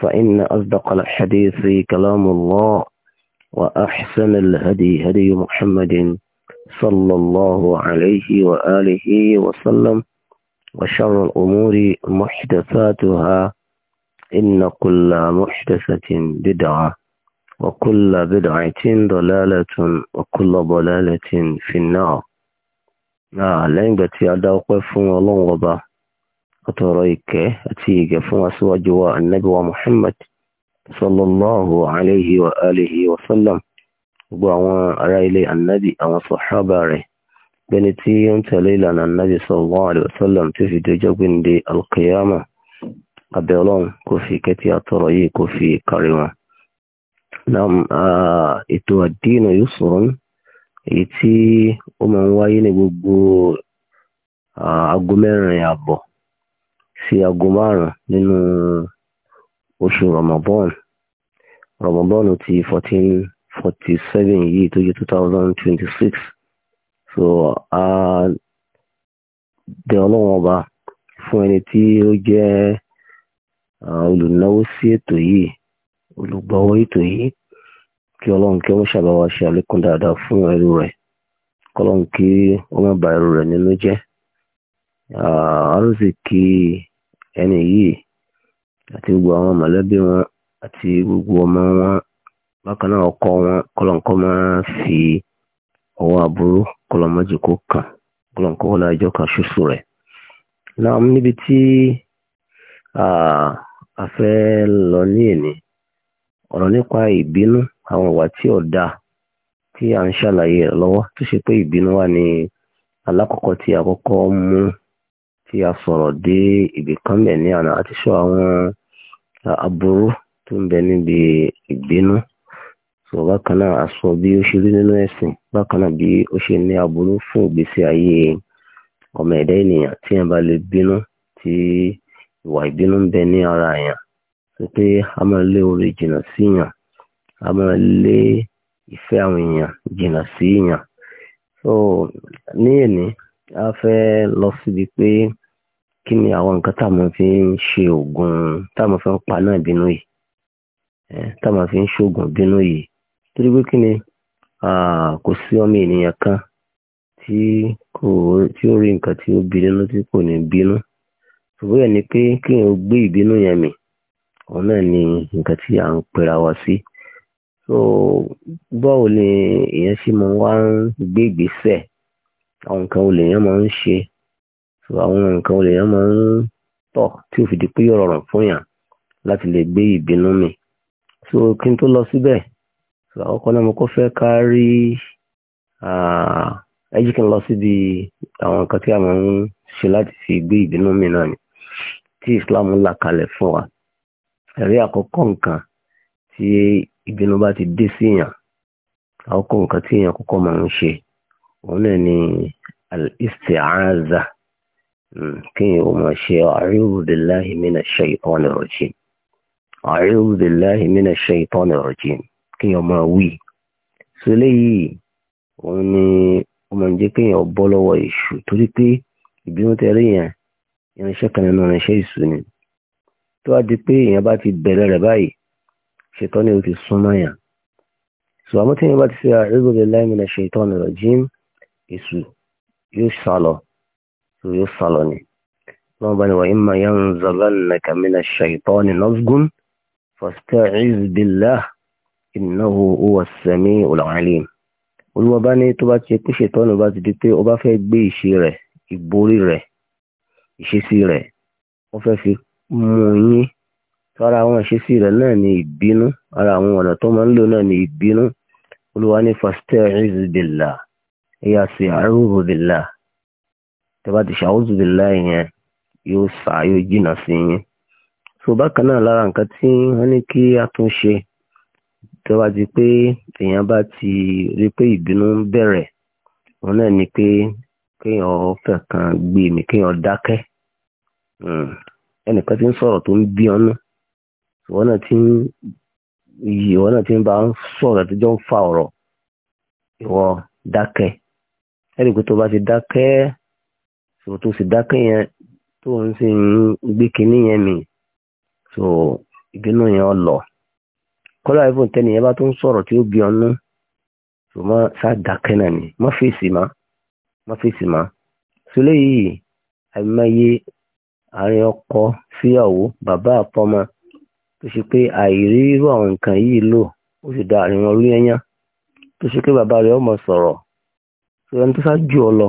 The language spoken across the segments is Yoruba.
فإن أصدق الحديث كلام الله وأحسن الهدي هدي محمد صلى الله عليه وآله وسلم وشر الأمور محدثاتها إن كل محدثة بدعة وكل بدعة ضلالة وكل ضلالة في النار. لا آه، لين بتي أدوقف ولون الله àtọ̀rọ̀ ìkẹ́ àti ìgẹ̀ fún aṣíwájú wa annabi wa muhammad sallallahu alayhi wa alihi wa sallam gbogbo àwọn ará ilé annabi àwọn sọ̀hábà rẹ̀ gbẹni tí ó ń tẹ̀lé ìlànà annabi sallallahu alayhi wa sallam tó fi dojọ́ gbinde alqiyama abẹ́ọlọ́run kò fi kẹ́tí àtọ̀rọ̀ yìí kò fi kárí wọn. nam ètò àdínà yóò sọ̀rọ̀ èyí tí ó máa ń wáyé ní gbogbo aago àbọ̀ sí aago márùn-ún nínú oṣù Ramadan Ramadan ti fourteen forty seven yìí tó yẹ two thousand twenty six so a bẹ̀ ọlọ́wọ́n ọba fún ẹni tí ó jẹ́ olùnáwó sí ètò yìí olùgbọ́wọ́ ètò yìí kí ọlọ́run kí wọ́n ṣàbáwá ṣe àlékún dáadáa fún ẹrú rẹ̀ kọ́lọ́run kí wọ́n má ẹrú rẹ̀ nínú jẹ́ àárùsì kí ẹni yìí àti gbogbo àwọn mọ̀lẹ́bí wọn àti gbogbo ọmọ wọn bákan náà ọkọ wọn kọlọ̀nkọ́ máa fi ọwọ́ aburú kọlọ̀mọ́jì kó kàn kọlọ̀nkọ́ wọlé kan ṣoṣo rẹ̀. náà níbi tí a fẹ́ lọ ní èní ọ̀rọ̀ nípa ìbínú àwọn ìwà tí ò tí a ń ṣàlàyé rẹ̀ lọ́wọ́ tó ṣe tí a sọ̀rọ̀ dé ibì bẹ̀ ní ànà àti sọ àwọn aburú tó ń bẹ níbi ìgbénú sọ bákan a sọ bí ó ṣe rí nínú ẹ̀sìn bákan bí ó ṣe ní aburú fún ìgbésí ayé ọmọ ẹ̀dá ènìyàn tí yẹn bá lè bínú tí ìwà ìbínú ń bẹ ní ara sọ pé a máa lé orí sí a máa so ní èní a fẹ́ lọ síbi pé kí ni àwọn nǹkan táàmù fi ń ṣe ògùn táàmù fi ń paná ìbínú yìí táàmù fi ń ṣògùn ìbínú yìí torí pé kí ni kò sí ọmọ ènìyàn kan tí ó rí nǹkan tí ó bí tí kò ní bínú ṣùgbọ́n yẹn ni pé kí n gbé ìbínú yẹn mì òun náà ni nǹkan tí à ń pera wa sí so báwo ni èèyàn ṣe máa wá ń gbé ìgbésẹ̀ àwọn nǹkan olè yẹn máa ń ṣe so àwọn nǹkan olè yẹn máa ń tọ̀ tí ò fi di pé yọ̀rọ̀ rọ̀ fún yàn láti lè gbé ìbínú mi so kí n tó lọ síbẹ̀ so àkọ́kọ́ náà mo kọ́ fẹ́ ká rí ẹjí kí n lọ síbi àwọn nǹkan tí a máa ń ṣe láti fi gbé ìbínú mi náà ni tí Islam là kalẹ̀ fún wa ẹ̀rí àkọ́kọ́ nǹkan tí ìbínú bá ti dé sí èèyàn àkọ́kọ́ nǹkan tí èèyàn kọ́kọ́ máa ń ṣe òun náà ni al-isti'aza. Hmm, kí o máa ṣe a'udhu billahi minash shaitanir rajim a'udhu billahi minash shaitanir rajim kí o máa wí so léyìí òun ni ó máa ń jẹ́ kí èèyàn bọ́ lọ́wọ́ èṣù torí pé ìbínú tẹ̀lé yẹn irinṣẹ́ kan nínú irinṣẹ́ èṣù ni tó wá di pé èèyàn bá ti bẹ̀rẹ̀ rẹ̀ báyìí ṣètọ́ ni ó ti súnmọ́ yàn so àmọ́ tí èèyàn bá ti ṣe a'udhu billahi minash shaitanir rajim yóò sá lọ so yóò sálọ ni náà bá ní wà imma yanzaghannaka minash shaitani nazghun fasta'iz billah innahu huwa as-sami'ul 'alim olúwa bá ní tó bá ti pé ṣètọ́nù bá ti di pé ó bá fẹ́ gbé ìṣe rẹ̀ ìborí rẹ̀ ìṣesí rẹ̀ ó fẹ́ fi mú yín tọ́ra àwọn ìṣesí rẹ̀ náà ní ìbínú ara àwọn ọ̀nà tó máa ń lò náà ní ìbínú olúwa ní fasta'iz billah ẹ̀yà sí a'udhu tẹ́bá ti ṣàwùzù bí láì yẹn yóò sá yóò jìnà sí yín so bákan náà lára nǹkan tí wọ́n ní kí a tún ṣe tẹ́bá ti pé èèyàn bá ti rí pé ìbínú ń bẹ̀rẹ̀ wọn náà ni pé kéèyàn fẹ̀kan gbé mi kéèyàn dákẹ́ hmm. ẹnìkan tí ń sọ̀rọ̀ tó ń bí ọ́nú wọn náà ti ń yìí wọn náà ti ń bá ń sọ̀rọ̀ ń fa ọ̀rọ̀ ìwọ dákẹ́ ẹnìkan tó bá ti dákẹ́ so tó sì dákẹ́ yẹn tó ń sì ń gbé kinní yẹn mì so ìbínú yẹn ọ lọ kọ́lá ìfún tẹ́ni yẹn bá tó ń sọ̀rọ̀ tí ó bí ọnú so má sá dákẹ́ náà ni má fèsì má má fèsì má so léyìí àìmọye àárín ọkọ síyàwó bàbá àpọ́mọ tó ṣe pé àìrí irú àwọn nǹkan yìí lò ó sì da àárín wọn rú tó ṣe pé bàbá rẹ̀ ọmọ sọ̀rọ̀ so ẹni tó ṣáájú ọ lọ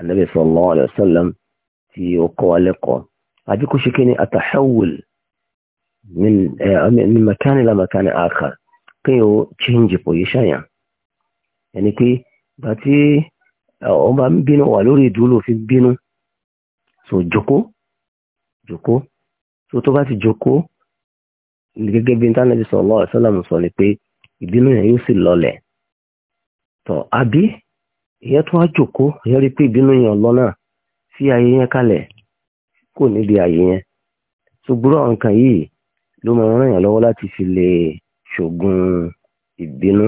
anabi sallallahu alayhi wa sallam tí ó kọ́ wa lẹ́kọ̀ọ́ àbí kó ṣe kí ni atahawul min eh, makani la makani akhar kí o change position yẹn ẹni pé gbà tí ọ eh, bá ń bínú wà lórí ìdúró fi bínú so joko joko so tó bá ti joko gẹ́gẹ́ bí ntánẹ́bí sallallahu alayhi wa sallam sọ ni pé ìbínú yẹn yóò sì lọlẹ̀ tọ́ àbí ìyẹn tó wá jòkó ìyẹn rí pé ìbínú yẹn lọ náà fi ààyè yẹn kalẹ̀ kò níbi ààyè yẹn ṣùgbọ́n àwọn nǹkan yìí ló máa ràn yàn lọ́wọ́ láti fi lè ṣògùn ìbínú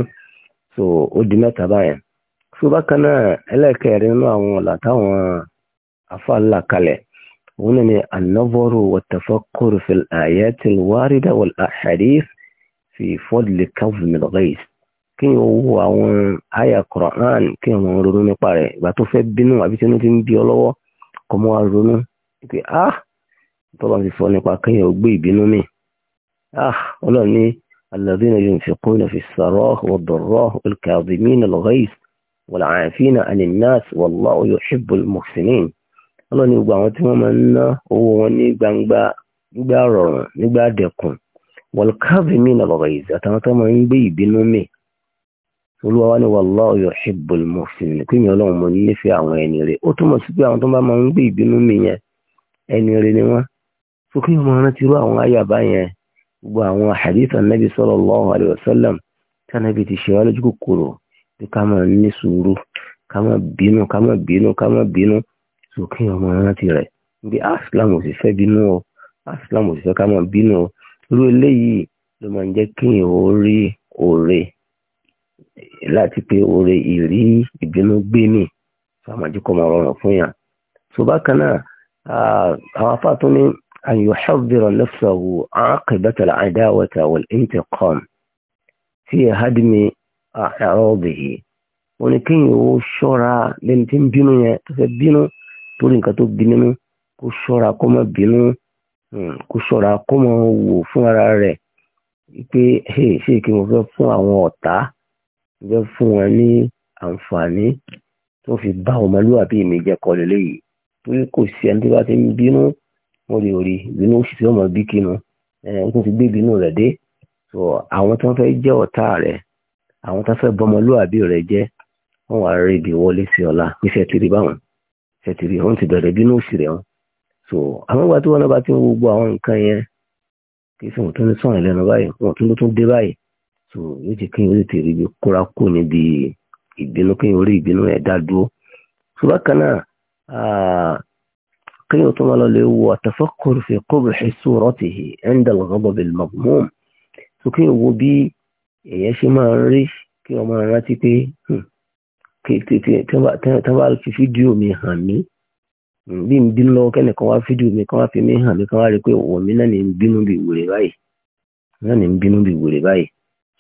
so ó di mẹ́ta báyẹn so bákan náà ẹlẹ́ẹ̀kẹrin nínú àwọn ọ̀là táwọn afáàlà kalẹ̀ òun ni an-nazaru wat-tafakkur fil ayatil warida wal ahadith fi fadli kazmil ghayth kí n wo àwọn àyà Quran kí n wọn ronú nípa rẹ̀ ìgbà tó fẹ́ bínú àbí tí inú ti ń bí ọ lọ́wọ́ kọ́ mọ́ wa ronú pé ah tọ́lá ti sọ nípa kéèyàn gbé ìbínú mi ah ọlọ́run ní alladhina yunfiquna fi s-sarra'i wad-dharra'i wal-kadhimina al-ghayz wal-'afina 'ani n-nas wallahu yuhibbu al ní gbogbo àwọn tí wọ́n máa ń ná owó wọn ní gbangba nígbà rọrùn nígbà dẹ̀kùn wal-kadhimina al-ghayz àtàwọn tó máa ń gbé ìbínú mi olúwa wá ní wallahu yuhibbul muhsinin kí èèyàn mo mọ àwọn ẹni rẹ̀ ó túmọ̀ sí pé àwọn tó bá máa ń gbé ìbínú mi yẹn ẹni rẹ̀ ni wọ́n tó kí wọ́n ti irú àwọn ayàbá yẹn gbogbo àwọn hadith anabi sallallahu alayhi wa sallam tí anabi ti ṣe wá lójú kòkòrò pé ká máa ní sùúrù ká máa bínú ká máa bínú ká máa bínú láti pé oore ìrí ìbínú gbé mi fàmájúkọ́ máa rọrùn fún yàn so bákan náà àwọn afá tó ní an yuhadhdhira nafsahu aqibata al-adawati wal-intiqam fi hadmi a'radihi ó ní kí yìí ó ṣọ́ra lẹ́ni tí ń bínú yẹn tó fẹ́ bínú torí nǹkan tó bí kó ṣọ́ra kó má bínú hmm, kó ṣọ́ra kó má wò fún ara rẹ̀ pé ṣé kí mo fẹ́ fún àwọn ọ̀tá jẹ́ fún wọn ní àǹfààní tó fi bá ọmọlúwàbí mi jẹ́ kọ lélẹ́yìí torí kò sí ẹni tó bá ti ń bínú wọn lè rí ìbínú sì tí ọmọ bí kinu ẹ n kò gbé ìbínú rẹ̀ dé so àwọn tí wọ́n fẹ́ jẹ́ ọ̀tá rẹ̀ àwọn tí wọ́n fẹ́ bọmọlúwàbí rẹ̀ jẹ́ wọ́n wà rẹ̀ ibi wọlé sí ọ̀la pé sẹ́tìrì báwọn sẹ́tìrì wọ́n ti bẹ̀rẹ̀ bínú sí rẹ̀ wọn so àwọn ìgbà tí wọn bá ti ń wo gbogbo àwọn nǹkan yẹn kí sùn tó ń sàn lẹ́nu báyìí wọn tún tún dé báyìí so yóò jẹ́ kéèyàn lè tèrè ibi kóra kó níbi ìbínú kéèyàn orí ìbínú ẹ̀ dá dúró so bákan náà kéèyàn tó máa lọ lè wo àtàfọ́kùrù fi qubhi suratihi inda al-ghadab al-madmum so kéèyàn wo bí èèyàn ṣe máa ń rí kí ọmọ rántí pé hmm, tán bá fi fídíò mi hàn mí hmm, bí n bínú lọ́wọ́ kẹ́nìkan wá fídíò mi kán wá fi mí hàn mí kán wá rí pé òun mi náà ní ń bínú bí wèrè báyìí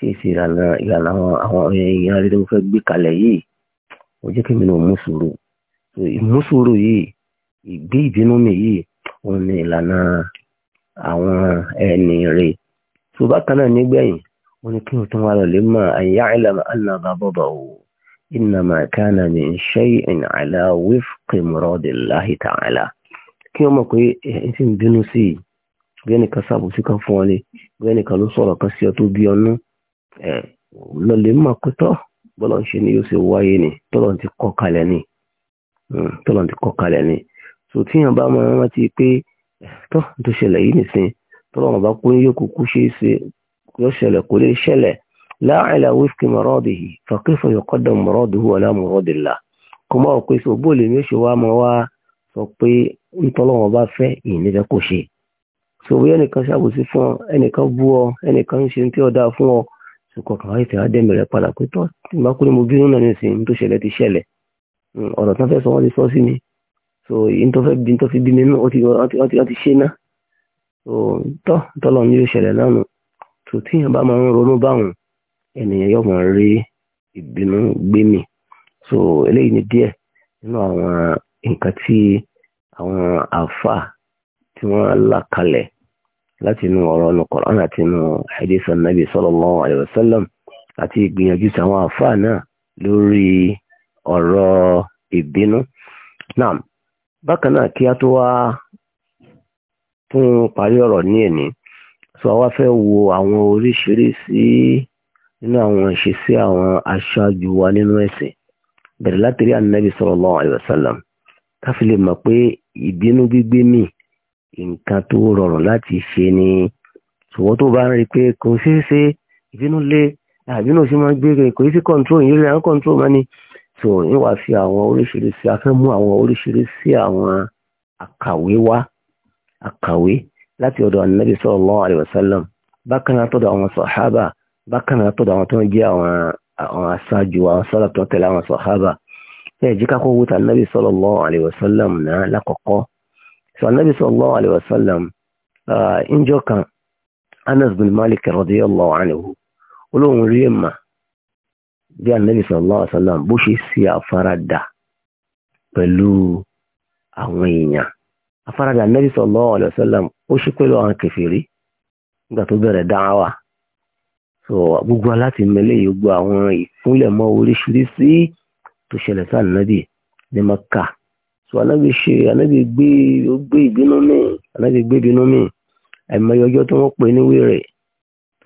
sí èsì ìlànà àwọn èèyàn rere mo fẹ́ gbé kalẹ̀ yìí ó jẹ́ kí mi náà mú sùúrù mú sùúrù yìí ìgbé ìbínú mi yìí òun ni ìlànà àwọn ẹni rè tó bákan náà nígbẹ̀yìn ó ní kí n tún wá lọ lè mọ àyà ìlànà àlàbà bọ̀bà o innama kana min shay'in ala wifqi muradillahi ta'ala kí wọ́n mọ̀ pé ẹ̀yìn tí ń bínú sí i bí ẹnìkan sábò sí kan fún ọ ní bí ẹnìkan ló sọ̀rọ̀ kan sí ọ tó bí ọ náà ẹ lọlẹ mọ pẹtọ bọlọ ń ṣe ni yóò ṣe wáyé ni tọlọ ti kọ kalẹ̀ ni hmm, tọlọ ti kọ kalẹ̀ ni so tíyan bá máa rántí pé eh, tọ tó ṣẹlẹ̀ yìí nìsín tọlọ wọn bá kó ní yóò kúkú ṣe é ṣe yóò ṣẹlẹ̀ kó lè ṣẹlẹ̀ láàrínlá wíṣkì mọ̀rọ́dì yìí fàkífọ̀ yọkọ́dọ̀ mọ̀rọ́dì wà lámọ̀rọ́dì là kọ́ máa pé sọ bóòlù ní oṣù wa máa wá sọ pé ntọ́lọ́wọ́n bá fẹ́ ìnífẹ́ kò ṣe. sọ wí ẹnìkan ṣàbòsí fún ọ ẹnìkan bú ọ ẹnìkan ń ṣe tí ó dáa fún ọ sùkọ̀ kàwá ìfẹ́ àdẹ́mì rẹ̀ padà pé tọ́ tí bá kú ní mo bínú náà nísìnyí tó ṣẹlẹ̀ ti ṣẹlẹ̀ hmm, ọ̀rọ̀ tán fẹ́ sọ wọ́n ti sọ sí mi so yìí tó fẹ́ bí tó fi bí mi ó ti wọ́n ti ṣe ná so tọ́ tọ́lọ̀ ní yóò ṣẹlẹ̀ lánàá tó tíyàn bá máa ń ronú báwọn ènìyàn yóò máa rí ìbínú gbé mi so eléyìí ni díẹ̀ nínú àwọn nǹkan tí àwọn àáfàá tí wọ́n là kalẹ̀ láti inú ọ̀rọ̀ ọ̀nà Qur'an àti inú hadith Nabi sallallahu alayhi wa sallam àti ìgbìyànjú tàwọn àfáà náà lórí ọ̀rọ̀ ìbínú. Naam, bákan náà kí a tó wá tún parí ọ̀rọ̀ ní ẹ̀ní sọ wá fẹ́ wo àwọn oríṣiríṣi nínú àwọn ìṣesí àwọn aṣáájú wa nínú ẹ̀sìn bẹ̀rẹ̀ látìrí Ànábì sallallahu alayhi wa lè mọ̀ pé ìbínú gbígbé míì nǹkan tó rọrùn láti ṣe ni ṣùgbọ́n tó bá rí i pé kò ṣeé ṣe ìbínú lé àbínú sí máa ń gbé kò sí control yìí rẹ̀ ń control máa ni so yín wá fi àwọn oríṣiríṣi a fẹ́ mú àwọn oríṣiríṣi àwọn àkàwé wá àkàwé láti ọ̀dọ̀ ànábì sallallahu alaihi wasallam bákan náà tọ̀dọ̀ àwọn sàhábà bákan náà tọ̀dọ̀ àwọn tó ń jẹ́ àwọn àwọn aṣáájú àwọn sọ́lá tó tẹ̀lé àwọn sàhábà ẹ̀ jíkà kó wúta ànábì sallallahu alaihi wasallam náà lákọ̀ọ́kọ́ so anabi sallallahu alayhi wa sallam uh, injọ kan anas bin malik radiyallahu anhu olóhùn rí ẹ̀mà bí anabi sallallahu alayhi wa sallam bó ṣe ṣe àfaradà pẹ̀lú àwọn èèyàn àfaradà anabi sallallahu alayhi wa sallam ó ṣe pẹ̀lú àwọn kẹfìrí nígbà tó bẹ̀rẹ̀ dáhàwà so gbogbo aláti mẹ́lẹ̀ yìí gbogbo àwọn ìfúnlẹ̀ oríṣiríṣi tó ṣẹlẹ̀ sáà nàbì ní maka so anábì ṣe anábì gbé ó gbé ìbínú mi anábì gbé ìbínú mi àìmọye ọjọ́ tí wọ́n pè ní wèrè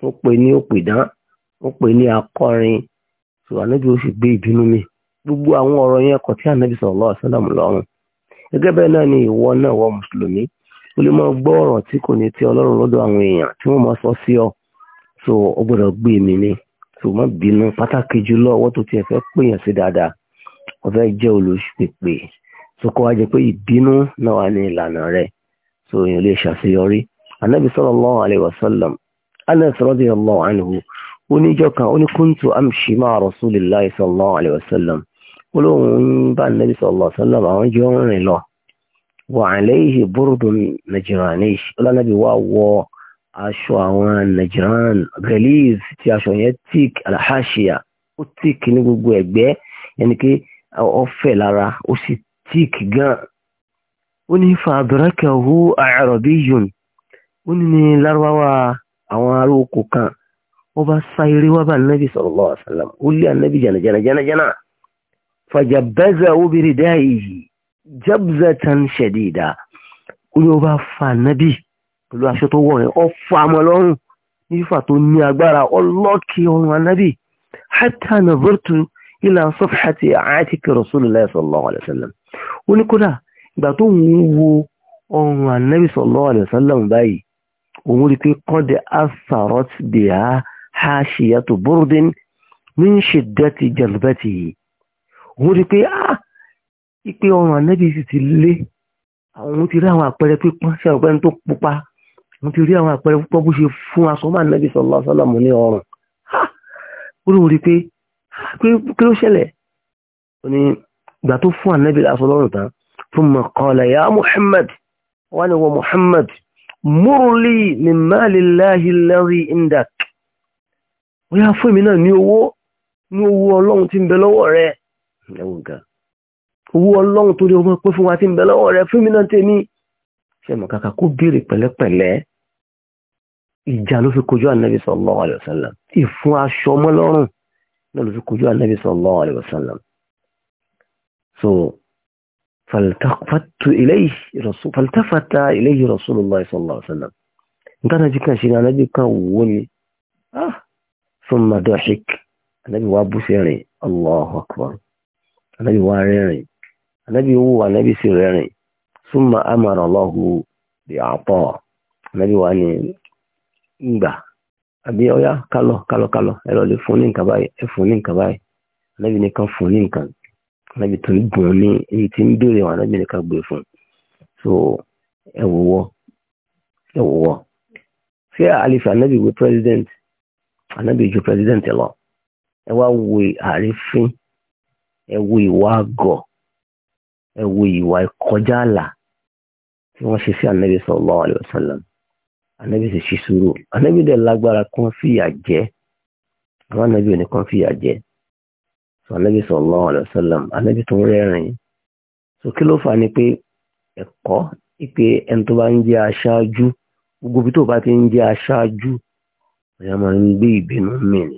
wọ́n pè ní òpìdán wọ́n pè ní akọrin so anábì ó sì gbé ìbínú mi gbogbo àwọn ọ̀rọ̀ yẹn kọ̀ tí anábì sallallahu alaihi wasallam lọ́rùn gẹ́gẹ́ bẹ́ẹ̀ náà ni ìwọ náà wọ mùsùlùmí o lè máa gbọ́ ọ̀rọ̀ tí kò ní tí ọlọ́run lọ́dọ̀ àwọn èèyàn tí wọ́n máa sọ sí ọ so o gbọ́dọ̀ gbé mi ni so má bínú pàtàkì jùlọ ọwọ́ tó tiẹ̀ fẹ́ pèèyàn sí dáadáa o fẹ́ jẹ́ so kó wá jẹ pé ìbínú náà wà ní ìlànà rẹ̀ so èèyàn lè ṣàṣeyọrí anabi sallallahu alayhi wa sallam anas radiyallahu anhu oníjọ kan ó ní kuntu amshi ma'a rasulillahi sallallahu alayhi wa sallam ó lóun ń bá anabi sallallahu alayhi wa sallam àwọn jọ ń rìn lọ wa alayhi burdun najirani ọlọ́nàbí wà wọ aṣọ àwọn najiran relief ti aṣọ yẹn tík alhashiya ó tík ní gbogbo ẹ̀gbẹ́ ẹni pé ọfẹ́ lára ó sì tíìk gan ó ní fàdúrákàwó àrọ̀bí yòn ó ní ní lárúbáwá àwọn aróko kan wọ́n bá sá eré wá bá nàbì sallallahu alaihi wasallam ó lé ànábì jànàjànàjànà fàjàbẹ́zà obìnrin dá èyí jabzatan shadida ó ní wọ́n bá fa ànábì pẹ̀lú aṣọ tó wọ̀ rẹ̀ ọ fa àmọ́ lọ́rùn ní fífà tó ní agbára ọlọ́kì ọrùn ànábì hatta nazartu ila safhati àti rasulullah sallallahu alaihi ó ní kódà ìgbà tó ń wo ọrùn ànábì sallallahu alaihi wasallam báyìí òun rí pé kọ́dẹ̀ asarot bìhá haṣiyatu burdin min shiddati jalbatihi òun rí pé ah ipe ọrùn ànábì sì ti lé àwọn ti rí àwọn àpẹẹrẹ pípọ́n sí àwọn tó pupa wọ́n ti rí àwọn àpẹẹrẹ púpọ̀ bó ṣe fún aṣọ máa nẹ́bí ní ọrùn ó lóun rí pé ah! kí ló ṣẹlẹ̀ gbà tó fún ànábì aṣọ lọ́rùn tán thumma qala ya muhammad wà ní wọ muhammad múrùlí min malillahi alladhi indak ó yá fún èmi náà ní owó ní owó ọlọ́run tí ń bẹ lọ́wọ́ rẹ ẹ̀wọ̀n nǹkan owó ọlọ́run tó lè ọmọ pé fún wa tí ń bẹ lọ́wọ́ rẹ fún èmi náà tèmi ṣe mọ̀ kàkà kó béèrè pẹ̀lẹ́pẹ̀lẹ́ ìjà ló fi kojú ànábì sallallahu alaihi wasallam ìfún aṣọ ọmọ náà ló fi kojú ànábì sallallahu alaihi wasallam so faltafattu ilayhi faltafata ilayhi rasulullah sallallahu alaihi wasallam ntana jikan shi anabi kan wo ni ah thumma dahik anabi wa bú sẹ́rìn allahu akbar anabi wa rẹ́rìn anabi wo anabi sì rẹ́rìn thumma amara allahu bi ata anabi wa ni ngba àbí ọyá kálọ kalo kalo ẹ lọ lè fún ní nǹkan báyìí ẹ fún ní nǹkan kan anábì tó ń gùn ní èyí tí ń béèrè wọn anábì nìkan gbé fún so ẹ wò wọ ẹ wò wọ ṣé àlefi anábì wo president anábì ju president lọ ẹ wá wo àrífín ẹ wo ìwà àgọ ẹ wo ìwà ìkọjá àlà tí wọ́n ṣe sí anábì sallallahu alaihi wasallam anábì sì ṣe sùúrù anábì dẹ̀ lágbára kan fìyà jẹ àwọn anábì ò ní kan fìyà jẹ anabi sallallahu alaihi wasallam anabi tó ń rẹ́rìn so kí ló fà ní pé ẹ̀kọ́ ipe ẹni tó bá ń jẹ́ aṣáájú gbogbo bí tó bá ti ń jẹ́ aṣáájú ọ̀yà máa ń gbé ìbínú mì ní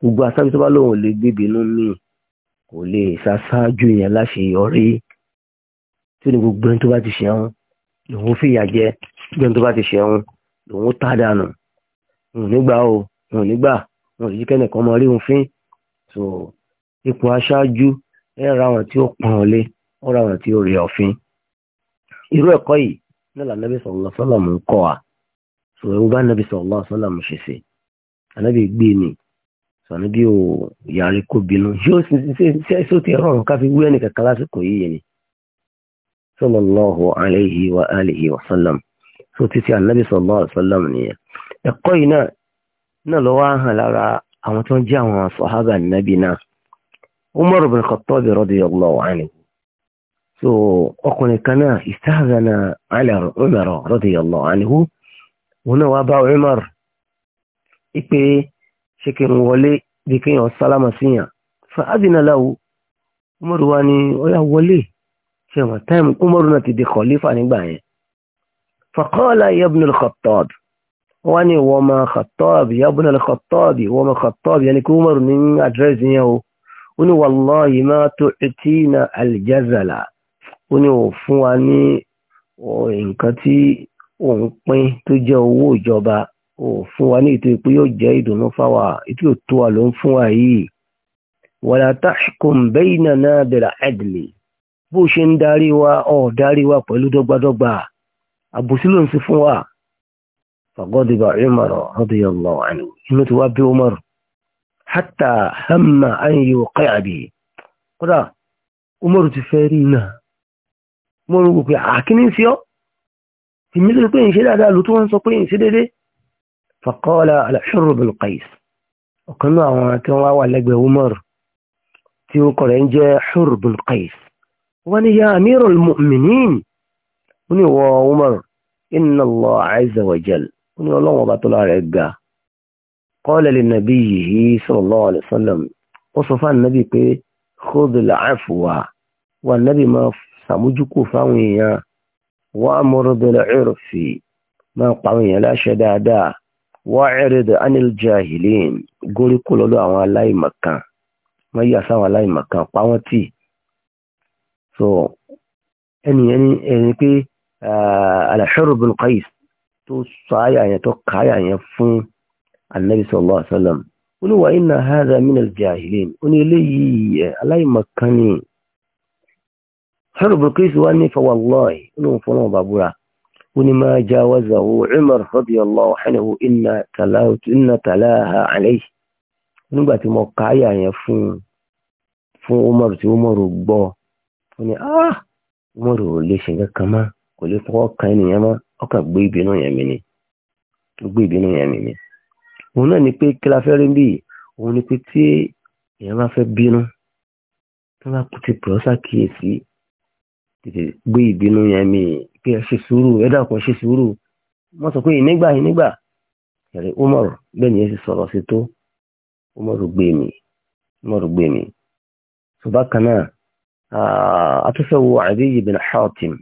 gbogbo aṣáájú tó bá lóun lè gbé ìbínú mì kò lè ṣaṣáájú yẹn láṣeyọrí tí ni gbogbo ẹni tó bá ti ṣẹ̀wọ̀n lòun fìyà jẹ gbogbo ẹni tó bá ti ṣẹ̀wọ̀n lòun tá dànù òun nígbà òun nígbà òun yìí kẹ́nìkan mọ rí òun fín so ipò aṣáájú ẹ ra àwọn tí ó pọn ọlé ó ra tí ó rí ọ̀fin irú ẹ̀kọ́ yìí ń kọ́ wa sọ ewu bá nàbí sallallahu alaihi ṣe ṣe ànábì gbé ni sọ̀nàbí ò yàrá kó bínú yóò sì ṣe ṣe ti rọrùn ká fi wú kankan lásìkò sọ nìyẹn ẹ̀kọ́ yìí náà náà lọ́wọ́ lára àwọn tó ń jẹ́ àwọn nàbì Umar bin Khattab radiyallahu anhu so ọkùnrin kan náà istahzana ala Umar radiyallahu anhu òun náà wá bá Umar ipe ṣe kí n wọlé bí kí n sálámà síyàn fa adina lahu Umar wa ni ó yá wọlé ṣe wọn táìmù Umar náà ti di khalifa nígbà yẹn faqala ya al-Khattab wọ́n ní wọ́n ma Khattab ya al-Khattab wọ́n ma Khattab yẹn ni kí Umar ní àdírẹ́sì yẹn o ó ní wàláhì má tó etí na àlìjázàlà ó ní ò fún wa ní nǹkan tí òun pín tó jẹ́ owó ìjọba ò fún wa ní ètò ìpín yóò jẹ́ ìdùnnú fáwa ètò ètò wa ló ń fún wa yìí wàlá tahkum baynana bil adli bó ṣe ń darí wa ọ̀ darí wa pẹ̀lú dọ́gbadọ́gba àbùsí ló ń sí fún wa fagọ́dìbà Umar radiyallahu anhu inú ti wá bí Umar hátà hamma ayé ọ̀kẹ́ àbí kódà umaru ti fẹ́ rí iná umaru wò pé àkíní sí ọ́ èmi lè pé ìṣe dáadáa ló tó wọ́n sọ pé ìṣe dédé fàkọ́ọ́lá al-Hurr bin Qais ọ̀kan náà àwọn tí wọ́n wà lẹ́gbẹ̀ẹ́ umaru tí ó kọ̀rẹ̀ ń jẹ́ Hurr bin wọ́n ní ya amirul mu'minin wọ́n ní wọ́n umaru inna Allah azza wọ́n ní ọlọ́wọ́n ọba tó lára ẹ̀ qala li nabiyyihi sallallahu alaihi wasallam ó sọ fún ànábì pé khudhil afwa wà nábì máa sàmójúkù fáwọn èèyàn wa'mur bil urfi máa pàwọn èèyàn láṣẹ dáadáa wa'rid anil jahilin górí kò lọ́dọ̀ àwọn aláìmọ̀kan wọ́n yà sáwọn aláìmọ̀kan pàwọn tì so ẹni ẹni ẹni pé ah, al-Hurr bin Qais tó sọ àyà yẹn tó kà àyà yẹn fún anabi sallallahu alaihi wasallam olúwa iná haza minal jahilin ó ní eléyìí eh, aláìmọ̀kan ni ṣọ́rọ̀ burkisi wá ní fawallahi olóhùn fún ọmọ bàbúrà ó ní máa jawazahu umar radiyallahu anhu iná talaha alayhi nígbà tí mo ka àyà yẹn fún fún umar tí umar gbọ́ ó ní ah umar ò lè ṣe kankan mọ́ kò lè fọwọ́ kan ènìyàn mọ́ ọkàn gbé ìbínú yẹn mi ni gbé ìbínú yẹn mi ni òun náà ni pé kí la fẹ́ rí bí òun ni pé tí èèyàn bá fẹ́ bínú tó bá kú ti pè ọ́ sàkíyèsí tètè gbé ìbínú yẹn mi pé ẹ ṣe sùúrù ẹ dàpọ̀ ṣe sùúrù wọ́n sọ pé ìnígbà ìnígbà ẹ̀rẹ̀ Umar bẹ́ẹ̀ ni ẹ sì sọ̀rọ̀ sí tó Umar gbé mi Umar gbé mi tó kan náà àtúnṣẹ́wò Adiy bin Hatim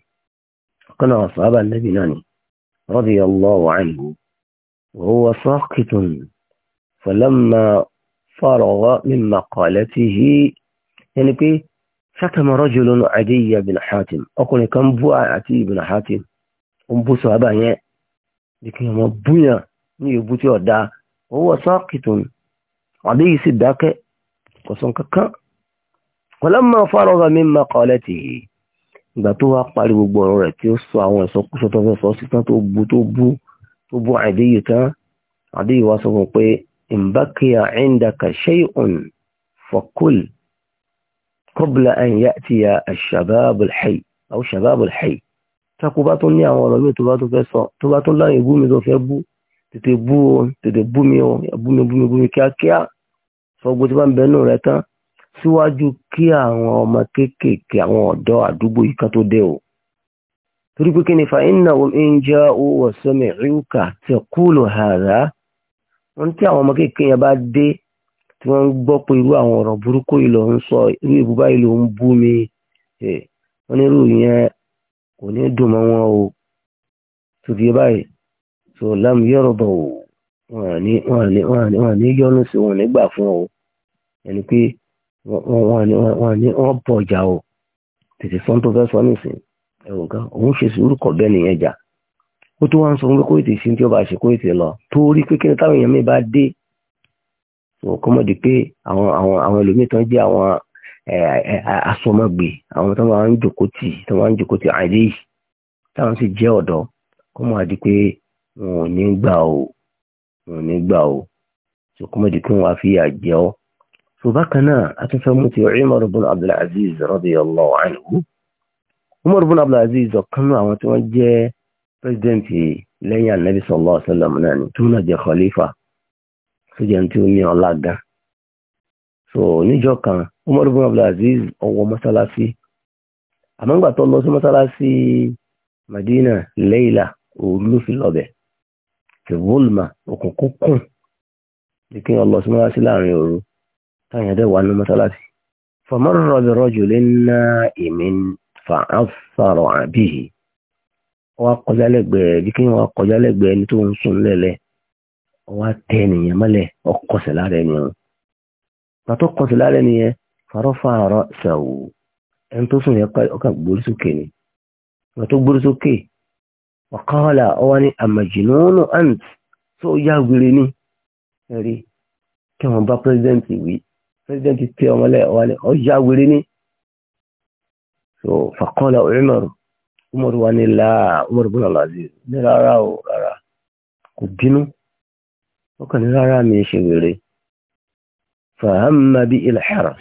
kan náà sàhábà Ànábì náà ni radiyallahu anhu هو ساقط فلما فرغ من مقالته يعني بي شتم رجل عدي بن حاتم أقول كم بوا عدي بن حاتم أم بو صحابة يعني لكن ما بويا يبو تيو دا وهو ساقط عدي سداك قصن ككا ولما فرغ من مقالته ìgbà tó wá parí gbogbo ọ̀rọ̀ rẹ̀ tí ó sọ àwọn ẹ̀sọ́kúsọ tó fẹ́ sọ sí tán tó bu tó bú ó bú àdéyù tán àdéyù wá sọ fún pé ìmbákíyà indaka shay'un fakul qabla an ya'tiya ash-shabab al-hayy aw shabab al-hayy tako bá tún ní àwọn ọ̀rọ̀ mi tó bá tún fẹ́ sọ tó bá tún láyìn bú mi tó fẹ́ bú tètè bú o tètè bú o bú mi bú kíákíá sọ gbogbo tí bá ń nù rẹ tán síwájú kí àwọn ọmọ kéékèèké àwọn ọ̀dọ́ àdúgbò yìí kan tó dé o torí pé kí ni fa innahum in ja'u wa sami'uka taqulu hadha wọ́n tí àwọn ọmọ kékeré yẹn bá dé tí wọ́n ń gbọ́ pé irú àwọn ọ̀rọ̀ burúkú yìí ló ń sọ irú ìbúbá yìí ń bú mi wọ́n ní irú yẹn kò ní dùn mọ́ wọn o tòkì báyìí tó lam yarda o wọ́n ní yọ́nú sí wọn nígbà fún o ẹni pé wọ́n bọ̀jà o tètè sọ́n tó fẹ́ sọ nísìnyí ẹ̀wọ̀n kan òun ṣe sùúrù kọ̀ bẹ́ẹ̀ nìyẹn jà ó tó wá ń sọ pé kó ètè sí tí ó bá ṣe kó ètè lọ torí pé kí ni táwọn èèyàn mi bá dé kọ́ mọ́ di pé àwọn àwọn àwọn ẹlòmíì tán jẹ́ àwọn asọmọgbè àwọn tó máa ń jòkó tì tó máa ń jòkó tì àìdí yìí táwọn sì jẹ́ ọ̀dọ́ kọ́ mọ́ di pé wọn ò ní gbà o wọn ò ní gbà o tó kọ́ mọ́ pé wọn á fi ọ́. tó bákan náà a tún fẹ́ mú ti Umar ibn Abdul Aziz radiyallahu anhu umar ibn abdulaziz ọ̀kan náà àwọn tí wọ́n jẹ́ president lẹ́yìn anabi sallallahu alaihi wasallam náà ni tún náà jẹ́ khalifa sójà tí ó ní ọlá gan so níjọ kan umar ibn abdulaziz ọwọ́ mọ́sálásí àmọ́ ńgbà tó lọ sí mọ́sálásí madina leila òru ló fi lọ́bẹ̀ ti volma òkùnkùn kùn ní kí wọ́n lọ sí mọ́sálásí láàrin òru táyà dẹ̀ wà ní mọ́sálásí famarra bi rajulin na'imin fàáfàrọ̀ àbíyì wá kọjá lẹ́gbẹ̀ẹ́ rẹ̀ bí wọ́n kọjá lẹ́gbẹ̀ẹ́ ẹni tó ń sun lẹ́lẹ́ wá tẹ́ ènìyàn mọ́lẹ̀ ọkọ̀sẹ̀ lára ẹni wọn pàtó kọ̀sẹ̀ láàrẹ ẹni yẹn ẹni tó sùn yẹn ọkà gbórí sókè ni wọ́n tó gbórí sókè ọ̀kọ́ọ̀là ọwọ́ ant tó yá ẹ̀rí kí wọ́n bá wí ọmọlẹ́ ọwọ́ ọ so faqala umar umar wa ni la umar bin al-aziz ní rárá o rárá kò bínú ó kàn ní rárá mi ṣe wèrè fahamma bí ilhara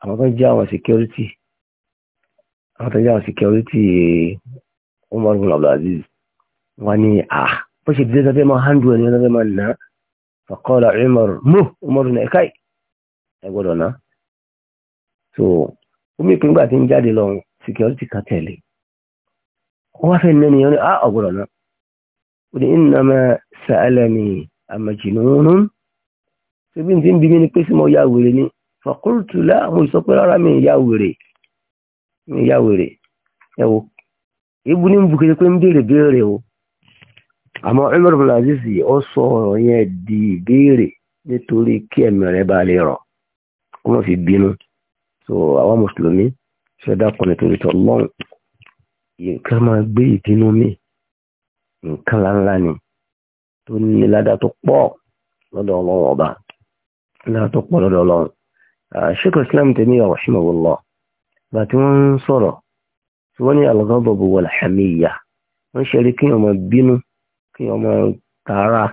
àwọn kan jẹ́ àwọn security àwọn kan jẹ́ àwọn security umar bin al-aziz wa ni a bó ṣe dídé sábẹ́ máa handu ẹni sábẹ́ máa nà faqala umar mú umar ní ẹ̀ka ẹ̀ gbọ́dọ̀ ná so omi ìpínlẹ̀ tí ń jáde lọ́wọ́ security kan tẹ̀lé wọ́n wá fẹ́ nẹ́ni yẹn ní á ọ̀gbọ̀dọ̀ náà ó ní innama sa'alani amajnunun ṣebí n ti ń bí mi ni pé sí mo ya wèrè ni faqultu la mo sọ pé rárá mi ya wèrè mi ya wèrè ẹ wo ibu ní bukete pé ń béèrè béèrè o àmọ́ Umar bin Aziz ó sọ ọ̀rọ̀ yẹn di ìbéèrè nítorí kí ẹ̀mí rẹ̀ bá lè rọ̀ kó má fi bínú so àwa mùsùlùmí ṣe dákun nítorí tọ́ lọ́rùn nǹkan máa gbé ìdínú mi nǹkan láńlá ni tó ní ládà tó pọ̀ lọ́dọ̀ ọlọ́run ọba ládà tó pọ̀ lọ́dọ̀ ọlọ́run ṣékò islam tẹ̀mí rahimahullah gbà tí wọ́n ń sọ̀rọ̀ tí wọ́n ní al-ghadabu wal-hamiyya wọ́n ṣe rí kí ọmọ bínú kí ọmọ tààrà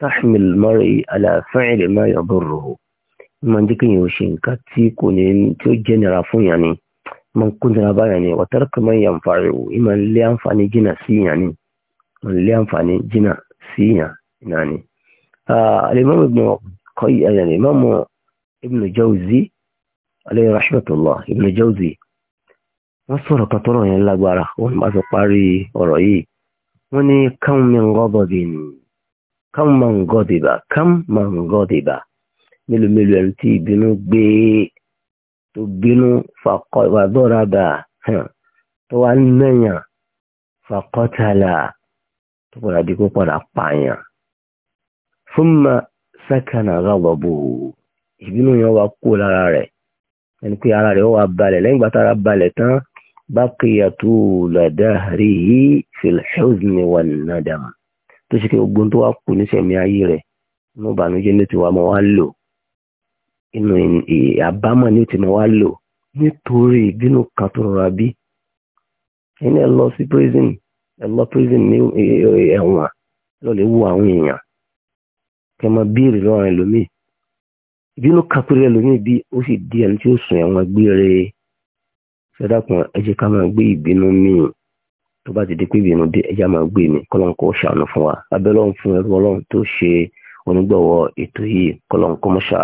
tahmil mar'i ala fi'li ma máa ń jẹ́ kí èèyàn ṣe nǹkan tí kò ní tí ó jẹ́ nira fún yàn ni man kúndìrà báyàn ni ọ̀tẹ́rẹ́kì man yàn fàáyò ìmọ̀ lé àǹfààní jìnà sí ìyàn ni man lé àǹfààní jìnà sí ìyàn náà ni. alimami ibn qayyim ayani imamu ibn jawzi alayhi rahmatullah ibn jawzi wọ́n sọ̀rọ̀ kan tọ́rọ̀ yẹn lágbára wọ́n bá fi parí ọ̀rọ̀ yìí wọ́n ní kam min ghadabin kam man ghadiba kam man ghadiba mélòó mélòó ẹni tí ìbínú gbé tó bínú fakọ ìwàdọ́rabà tó wá nẹ̀yàn fakọ́tàlà tó padà di kó padà pààyàn. Súnmọ́ sẹ́kànnà rọ̀bọ̀bò ìbínú yẹn wá kó lára rẹ̀ ẹni pé ara rẹ̀ wá balẹ̀ lẹ́yìn gbàtà ara balẹ̀ tán bákìyà tó lọ́dàárí fìlhùsùn wà nàdàm tó ṣe kí ogun tó wá kù níṣẹ̀mí ayé rẹ̀ ní ìbànújẹ́ ní tiwa máa wá lò. inú àbámọ̀ ni ó ti máa wá lò nítorí ìbínú kan tó rọra bí ẹni ẹ sí prison ẹ prison ní ẹ̀wọ̀n lọ wo àwọn èèyàn kẹ máa béèrè lọ́wọ́ ẹlòmíì ìbínú kan péré ẹlòmíì bí ó sì di ẹni tí ó sùn ẹ̀wọ̀n gbére sọdọkùn ẹ ká máa gbé ìbínú míì tó bá ti di pé ìbínú dé máa gbé mi kọlọńkọ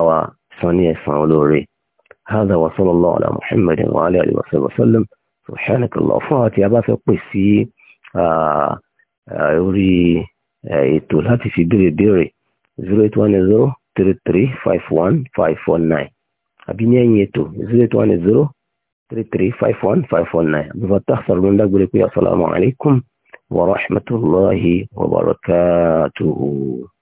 àwa san ní ẹ̀san olóore hádà wa sallallahu ala muhammadin wa alihi wa sallam subhanakallah fún àti a bá fẹ́ pè sí orí ètò láti fi béèrè béèrè zero eight one zero three three five one five four nine àbí ní ẹ̀yìn ètò zero eight one zero three three five one five four nine àbúrò tàṣàrò ló ń dágbére pé asalaamualeykum wa rahmatulahi wa barakatuhu.